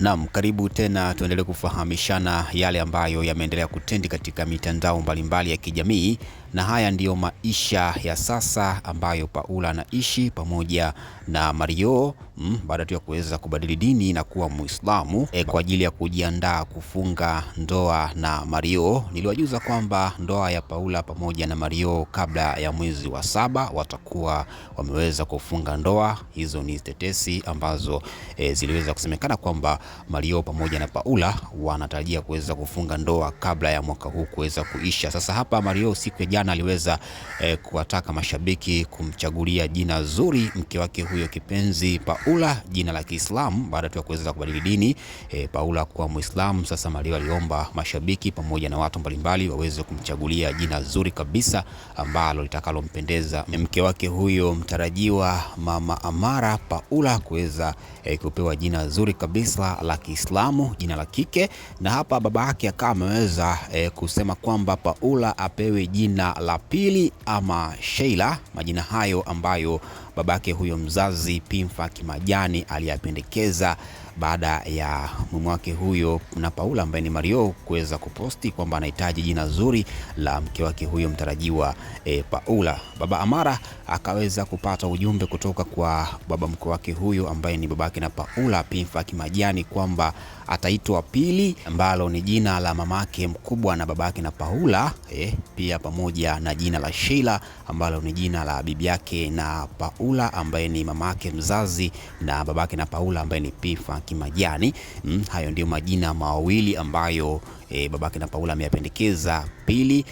Naam, karibu tena, tuendelee kufahamishana yale ambayo yameendelea kutendi katika mitandao mbalimbali ya kijamii, na haya ndiyo maisha ya sasa ambayo Paula anaishi pamoja na Mario mm, baada tu ya kuweza kubadili dini na kuwa Muislamu e, kwa ajili ya kujiandaa kufunga ndoa na Mario. Niliwajuza kwamba ndoa ya Paula pamoja na Mario kabla ya mwezi wa saba watakuwa wameweza kufunga ndoa. Hizo ni tetesi ambazo e, ziliweza kusemekana kwamba Mario pamoja na Paula wanatarajia kuweza kufunga ndoa kabla ya mwaka huu kuweza kuisha. Sasa hapa Mario siku ya jana aliweza e, kuwataka mashabiki kumchagulia jina zuri mke wake huyo kipenzi Paula Paula jina la Kiislamu baada tu ya kuweza kubadili dini e, Paula kuwa Muislamu. Sasa Maria aliomba mashabiki pamoja na watu mbalimbali waweze kumchagulia jina zuri kabisa ambalo litakalompendeza mke wake huyo mtarajiwa Mama Amara Paula kuweza e, kupewa jina zuri kabisa la Kiislamu, jina la kike. Na hapa baba yake akawa ameweza e, kusema kwamba Paula apewe jina la pili ama Sheila, majina hayo ambayo babake huyo mzazi Pimfa Kimajani aliyapendekeza baada ya mume wake huyo na Paula ambaye ni Mario kuweza kuposti kwamba anahitaji jina zuri la mke wake huyo mtarajiwa e, Paula. Baba Amara akaweza kupata ujumbe kutoka kwa baba mkwe wake huyo ambaye ni babake na Paula Pimfa Kimajani kwamba ataitwa Pili, ambalo ni jina la mamake mkubwa na babake na Paula e, pia pamoja na jina la Sheila ambalo ni jina la bibi yake na Paula Paula ambaye ni mamake mzazi na babake na Paula ambaye ni Pifa Kimajani. Mm, hayo ndio majina mawili ambayo e, babake na Paula ameyapendekeza. Pili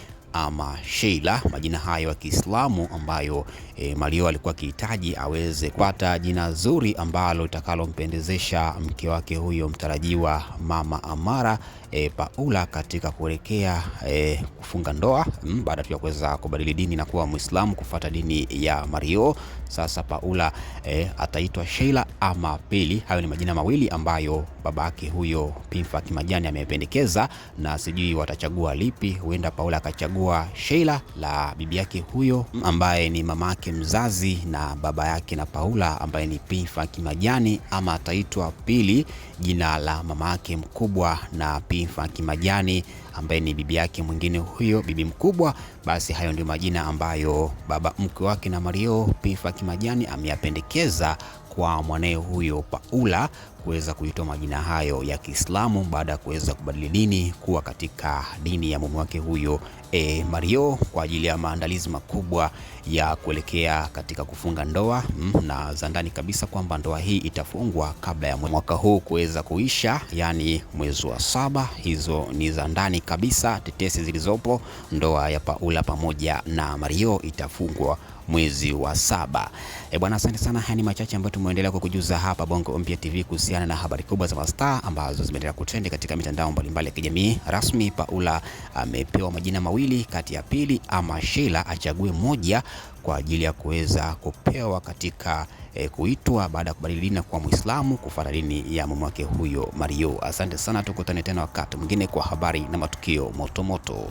ama Sheila, majina hayo ya Kiislamu ambayo e, Mario alikuwa akihitaji aweze kupata jina zuri ambalo litakalompendezesha mke wake huyo mtarajiwa Mama Amara e, Paula katika kuelekea e, kufunga ndoa mm, baada tu ya kuweza kubadili dini na kuwa Muislamu kufuata dini ya Mario. Sasa Paula e, ataitwa Sheila ama Pili. Hayo ni majina mawili ambayo babake huyo Pimfa Kimajani amependekeza, na sijui watachagua lipi, huenda Paula akachagua kuwa Sheila la bibi yake huyo ambaye ni mamake mzazi na baba yake na Paula ambaye ni Pifa Kimajani, ama ataitwa Pili, jina la mamake mkubwa na Pifa Kimajani ambaye ni bibi yake mwingine huyo bibi mkubwa. Basi hayo ndio majina ambayo baba mke wake na Mario Pifa Kimajani ameyapendekeza kwa mwanae huyo Paula kuweza kuitwa majina hayo ya Kiislamu baada ya kuweza kubadili dini kuwa katika dini ya mume wake huyo e, Mario kwa ajili ya maandalizi makubwa ya kuelekea katika kufunga ndoa mm, na za ndani kabisa kwamba ndoa hii itafungwa kabla ya mwaka huu kuweza kuisha, yani mwezi wa saba. Hizo ni za ndani kabisa, tetesi zilizopo, ndoa ya Paula pamoja na Mario itafungwa mwezi wa saba. E bwana, asante sana. Haya ni machache ambayo tumeendelea kwa kujuza hapa Bongo Mpya TV kuhusiana na habari kubwa za mastaa ambazo zimeendelea kutrendi katika mitandao mbalimbali ya kijamii. Rasmi Paula amepewa majina mawili kati ya pili, ama Sheila achague moja kwa ajili ya kuweza kupewa katika e, kuitwa baada ya kubadili dini kwa Muislamu kufuata dini ya mume wake huyo Mario. Asante sana, tukutane tena wakati mwingine kwa habari na matukio motomoto.